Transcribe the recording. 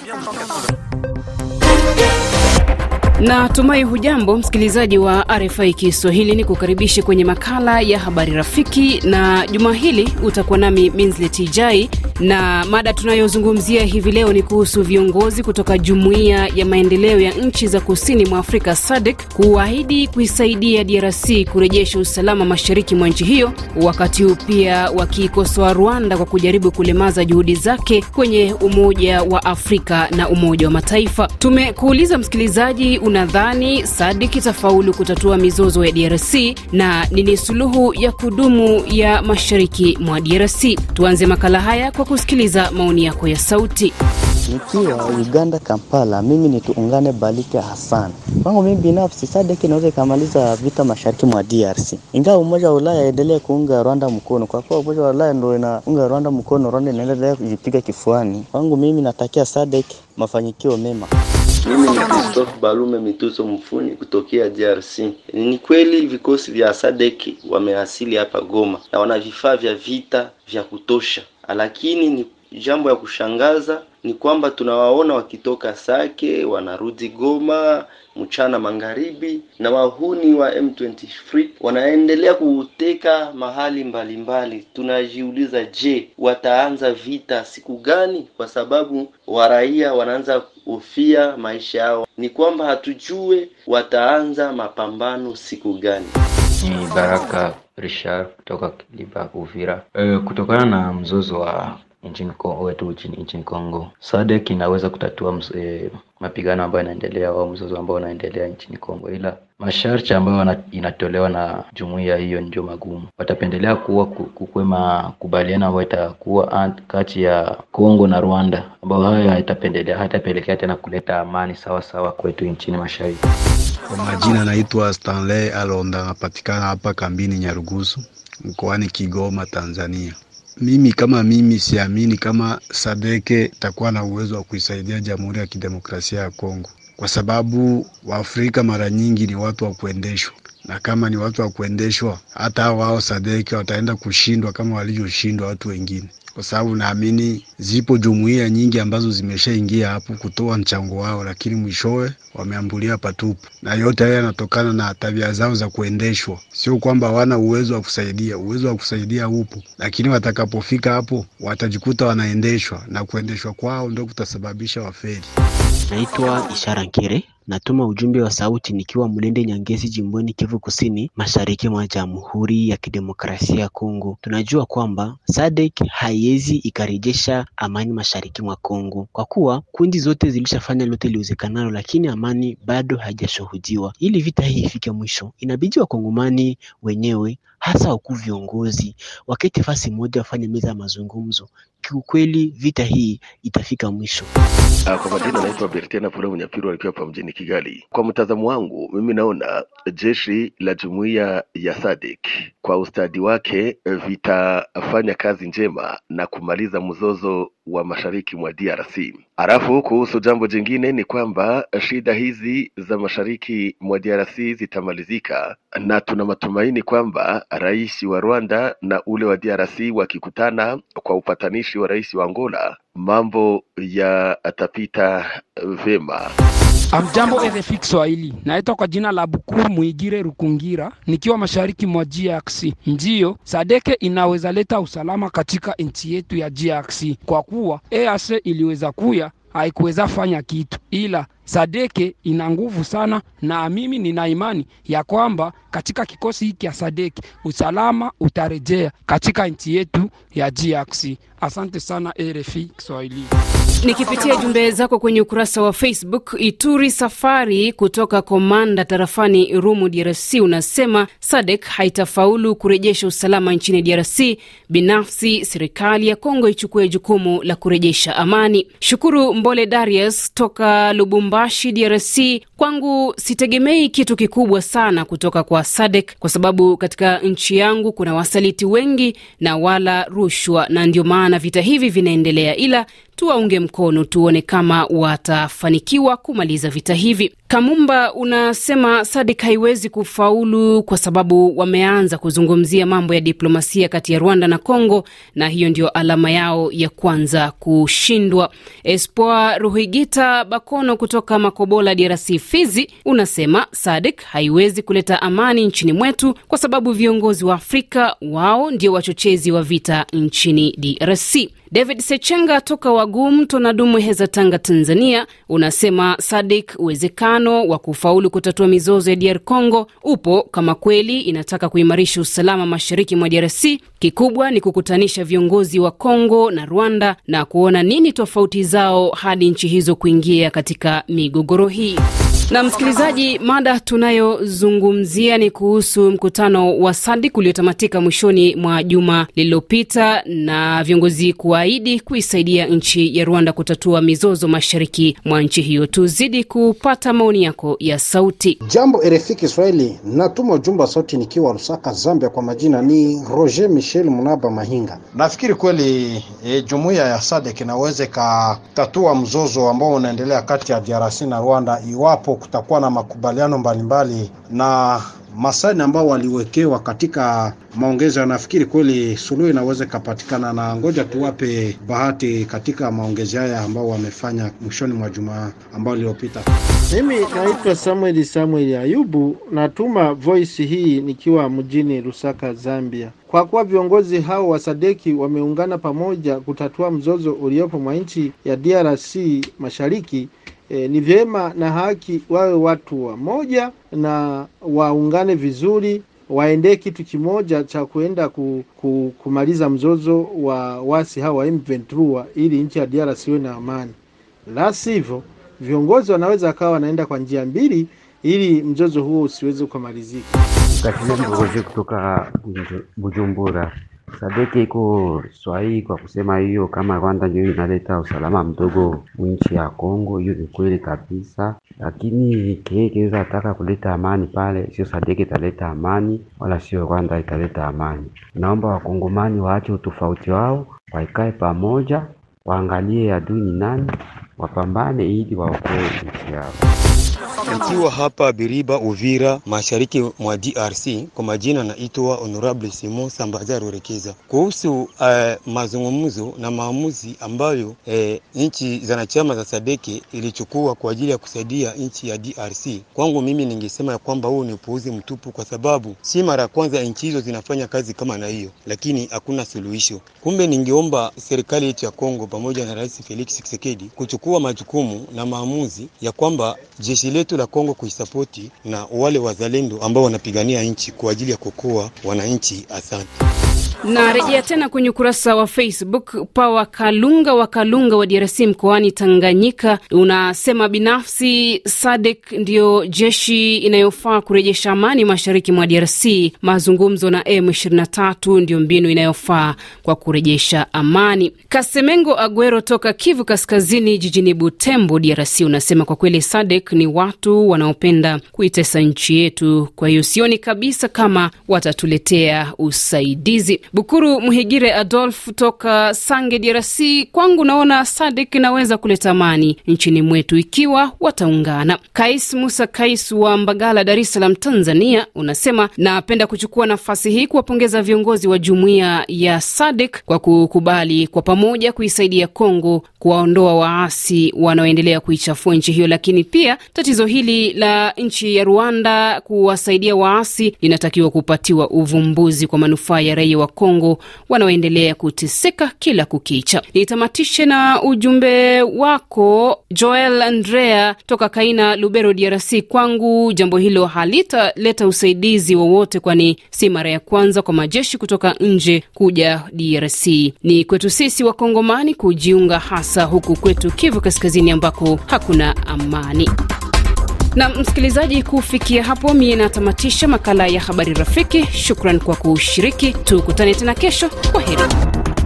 avião qualquer Na tumai hujambo msikilizaji wa RFI Kiswahili, ni kukaribishe kwenye makala ya habari rafiki, na juma hili utakuwa nami Minzleti Jai, na mada tunayozungumzia hivi leo ni kuhusu viongozi kutoka jumuiya ya maendeleo ya nchi za kusini mwa Afrika SADC kuahidi kuisaidia DRC kurejesha usalama mashariki mwa nchi hiyo, wakati huu pia wakiikosoa Rwanda kwa kujaribu kulemaza juhudi zake kwenye Umoja wa Afrika na Umoja wa Mataifa. Tumekuuliza msikilizaji unadhani Sadik itafaulu kutatua mizozo ya DRC na nini suluhu ya kudumu ya mashariki mwa DRC? Tuanze makala haya kwa kusikiliza maoni yako ya sauti. Nikiwa Uganda, Kampala, mimi ni tuungane Balike Hassan. Kwangu mimi binafsi, Sadek inaweza ikamaliza vita mashariki mwa DRC, ingawa Umoja wa Ulaya aendelee kuunga Rwanda mkono, kwa kuwa Umoja wa Ulaya ndo inaunga Rwanda mkono, Rwanda inaendelea kujipiga kifuani. Kwangu mimi natakia Sadek mafanyikio mema. Mimi ni Christophe Balume Mituzo Mfuni kutokea DRC. Ni kweli vikosi vya Sadeki wameasili hapa Goma na wana vifaa vya vita vya kutosha, lakini ni jambo ya kushangaza ni kwamba tunawaona wakitoka Sake wanarudi Goma mchana magharibi, na wahuni wa M23 wanaendelea kuteka mahali mbalimbali mbali. Tunajiuliza, je, wataanza vita siku gani? Kwa sababu waraia wanaanza hofia maisha yao, ni kwamba hatujue wataanza mapambano siku gani. Baraka Richard kutoka Kiliba, Uvira. E, kutokana na mzozo wa nchini Kongo. SADC inaweza kutatua e, mapigano ambayo yanaendelea au mzozo ambao unaendelea nchini Kongo, ila masharti ambayo inatolewa na jumuiya hiyo ndio magumu. Watapendelea kuwa kukuwe makubaliano ambayo itakuwa kati ya Kongo na Rwanda, ambayo hayo hatapendelea hatapelekea tena kuleta amani sawa sawa kwetu nchini mashariki. Kwa majina naitwa Stanley Alonda, napatikana hapa kambini Nyarugusu mkoani Kigoma, Tanzania. Mimi kama mimi siamini kama Sadeke takuwa na uwezo wa kuisaidia Jamhuri ya Kidemokrasia ya Kongo, kwa sababu Waafrika mara nyingi ni watu wa kuendeshwa na kama ni watu wa kuendeshwa, hata wao sadeki wataenda kushindwa kama walivyoshindwa watu wengine, kwa sababu naamini zipo jumuiya nyingi ambazo zimeshaingia hapo kutoa mchango wao, lakini mwishowe wameambulia patupu, na yote haya yanatokana na tabia zao za kuendeshwa. Sio kwamba wana uwezo wa kusaidia, uwezo wa kusaidia upo, lakini watakapofika hapo watajikuta wanaendeshwa, na kuendeshwa kwao ndio kutasababisha wafeli. Naitwa Ishara Nkire Natuma ujumbe wa sauti nikiwa mlende Nyangezi jimboni Kivu Kusini Mashariki mwa Jamhuri ya Kidemokrasia ya Kongo. Tunajua kwamba SADC haiwezi ikarejesha amani Mashariki mwa Kongo kwa kuwa kundi zote zilishafanya lote liwezekanalo, lakini amani bado haijashuhudiwa. Ili vita hii ifike mwisho, inabidi wakongomani wenyewe hasa wakuu viongozi waketi fasi moja, wafanye meza ya mazungumzo. Kiukweli vita hii itafika mwisho. Ah, kwa majina naitwa Bertina Pula Munyapiru, alikuwa hapa mjini Kigali. Kwa mtazamo wangu mimi naona jeshi la jumuiya ya SADC kwa ustadi wake eh, vitafanya kazi njema na kumaliza mzozo wa mashariki mwa DRC. Alafu kuhusu jambo jingine ni kwamba eh, shida hizi za mashariki mwa DRC zitamalizika, na tuna matumaini kwamba rais wa Rwanda na ule wa DRC wakikutana kwa upatanishi wa rais wa Angola, mambo yatapita eh, vyema. Amjambo RFI Kiswahili, naitwa kwa jina la Bukuru Mwigire Rukungira, nikiwa mashariki mwa GRC. Ndiyo, Sadeke inaweza leta usalama katika nchi yetu ya GRC kwa kuwa EAC iliweza kuya haikuweza fanya kitu, ila Sadeke ina nguvu sana, na mimi nina imani ya kwamba katika kikosi hiki ya Sadeke usalama utarejea katika nchi yetu ya grc Asante sana RFI Kiswahili. Nikipitia jumbe zako kwenye ukurasa wa Facebook, Ituri Safari kutoka Komanda tarafani Rumu, DRC, unasema Sadek haitafaulu kurejesha usalama nchini DRC. Binafsi serikali ya Kongo ichukue jukumu la kurejesha amani. Shukuru Mbole Darius toka Lubumba Lubumbashi, DRC, kwangu sitegemei kitu kikubwa sana kutoka kwa SADC kwa sababu katika nchi yangu kuna wasaliti wengi na wala rushwa, na ndio maana vita hivi vinaendelea, ila tuwaunge mkono, tuone kama watafanikiwa kumaliza vita hivi. Kamumba unasema Sadik haiwezi kufaulu kwa sababu wameanza kuzungumzia mambo ya diplomasia kati ya Rwanda na Congo, na hiyo ndio alama yao ya kwanza kushindwa. Espoir Ruhigita Bakono kutoka Makobola, DRC, Fizi, unasema Sadik haiwezi kuleta amani nchini mwetu kwa sababu viongozi wa Afrika wao ndio wachochezi wa vita nchini DRC. David Sechenga toka Wagum heza Tanga, Tanzania, unasema Sadik, uwezekano wa kufaulu kutatua mizozo ya DR Congo upo kama kweli inataka kuimarisha usalama mashariki mwa DRC. Kikubwa ni kukutanisha viongozi wa Congo na Rwanda na kuona nini tofauti zao hadi nchi hizo kuingia katika migogoro hii. Na msikilizaji, mada tunayozungumzia ni kuhusu mkutano wa SADC uliotamatika mwishoni mwa juma lililopita na viongozi kuahidi kuisaidia nchi ya Rwanda kutatua mizozo mashariki mwa nchi hiyo. Tuzidi kupata maoni yako ya sauti. Jambo RFI Kiswahili, natuma ujumbe wa sauti nikiwa Lusaka, Zambia. Kwa majina ni Roger Michel Munaba Mahinga. Nafikiri kweli e, jumuiya ya SADC inaweza ikatatua mzozo ambao unaendelea kati ya DRC na Rwanda iwapo kutakuwa na makubaliano mbalimbali na masani ambao waliwekewa katika maongezo. Nafikiri kweli suluhu inaweza ikapatikana, na ngoja tuwape bahati katika maongezi haya ambao wamefanya mwishoni mwa jumaa ambao iliyopita. Mimi naitwa Samuel Samuel Ayubu, natuma voice hii nikiwa mjini Lusaka, Zambia. Kwa kuwa viongozi hao wa Sadeki wameungana pamoja kutatua mzozo uliopo mwa nchi ya DRC Mashariki, E, ni vyema na haki wawe watu wamoja na waungane vizuri, waendee kitu kimoja cha kuenda ku, ku, kumaliza mzozo wa wasi hawa wa m ili nchi ya DRC iwe na amani. La sivyo viongozi wanaweza wakawa wanaenda kwa njia mbili ili mzozo huo usiweze kumalizika. Kutoka Bujumbura sadeke iko sahihi kwa kusema hiyo, kama Rwanda ndio inaleta usalama mdogo nchi ya Kongo, hiyo ni kweli kabisa, lakini kinaweza ataka kuleta amani pale, sio sadeke italeta amani, wala sio Rwanda italeta amani. Naomba wakongomani waache utofauti wao, waikae pamoja, waangalie adui ni nani, wapambane ili waokoe nchi yao. Ikiwa hapa Biriba, Uvira, mashariki mwa DRC. Kwa majina naitwa Honorable Simon Sambazaru Rekeza. Kuhusu uh, mazungumzo na maamuzi ambayo eh, nchi za wanachama za Sadeke ilichukua kwa ajili ya kusaidia nchi ya DRC, kwangu mimi ningesema ya kwamba huo ni upuuzi mtupu, kwa sababu si mara ya kwanza nchi hizo zinafanya kazi kama na hiyo, lakini hakuna suluhisho. Kumbe ningeomba serikali yetu ya Kongo pamoja na Rais Felix Tshisekedi kuchukua majukumu na maamuzi ya kwamba jeshi letu la Kongo kuisapoti na wale wazalendo ambao wanapigania nchi kwa ajili ya kuokoa wananchi. Asante. Narejea tena kwenye ukurasa wa Facebook pa Wakalunga Wakalunga wa DRC mkoani Tanganyika, unasema binafsi Sadek ndiyo jeshi inayofaa kurejesha amani mashariki mwa DRC. Mazungumzo na M23 ndiyo mbinu inayofaa kwa kurejesha amani. Kasemengo Aguero toka Kivu Kaskazini, jijini Butembo, DRC, unasema kwa kweli Sadek ni watu wanaopenda kuitesa nchi yetu, kwa hiyo sioni kabisa kama watatuletea usaidizi. Bukuru Mhigire Adolf toka Sange, DRC. Kwangu naona Sadik inaweza kuleta amani nchini mwetu ikiwa wataungana. Kais Musa Kais wa Mbagala, Dar es Salaam, Tanzania, unasema napenda kuchukua nafasi hii kuwapongeza viongozi wa jumuiya ya Sadik kwa kukubali kwa pamoja kuisaidia Kongo kuwaondoa waasi wanaoendelea kuichafua nchi hiyo, lakini pia tatizo hili la nchi ya Rwanda kuwasaidia waasi linatakiwa kupatiwa uvumbuzi kwa manufaa ya raia wa Kongo wanaoendelea kuteseka kila kukicha. Nitamatishe na ujumbe wako Joel Andrea toka Kaina, Lubero, DRC. Kwangu jambo hilo halitaleta usaidizi wowote, kwani si mara ya kwanza kwa majeshi kutoka nje kuja DRC. Ni kwetu sisi Wakongomani kujiunga, hasa huku kwetu Kivu Kaskazini ambako hakuna amani. Na msikilizaji, kufikia hapo mie natamatisha makala ya habari rafiki. Shukran kwa kushiriki, tukutane tena kesho. Kwa heri.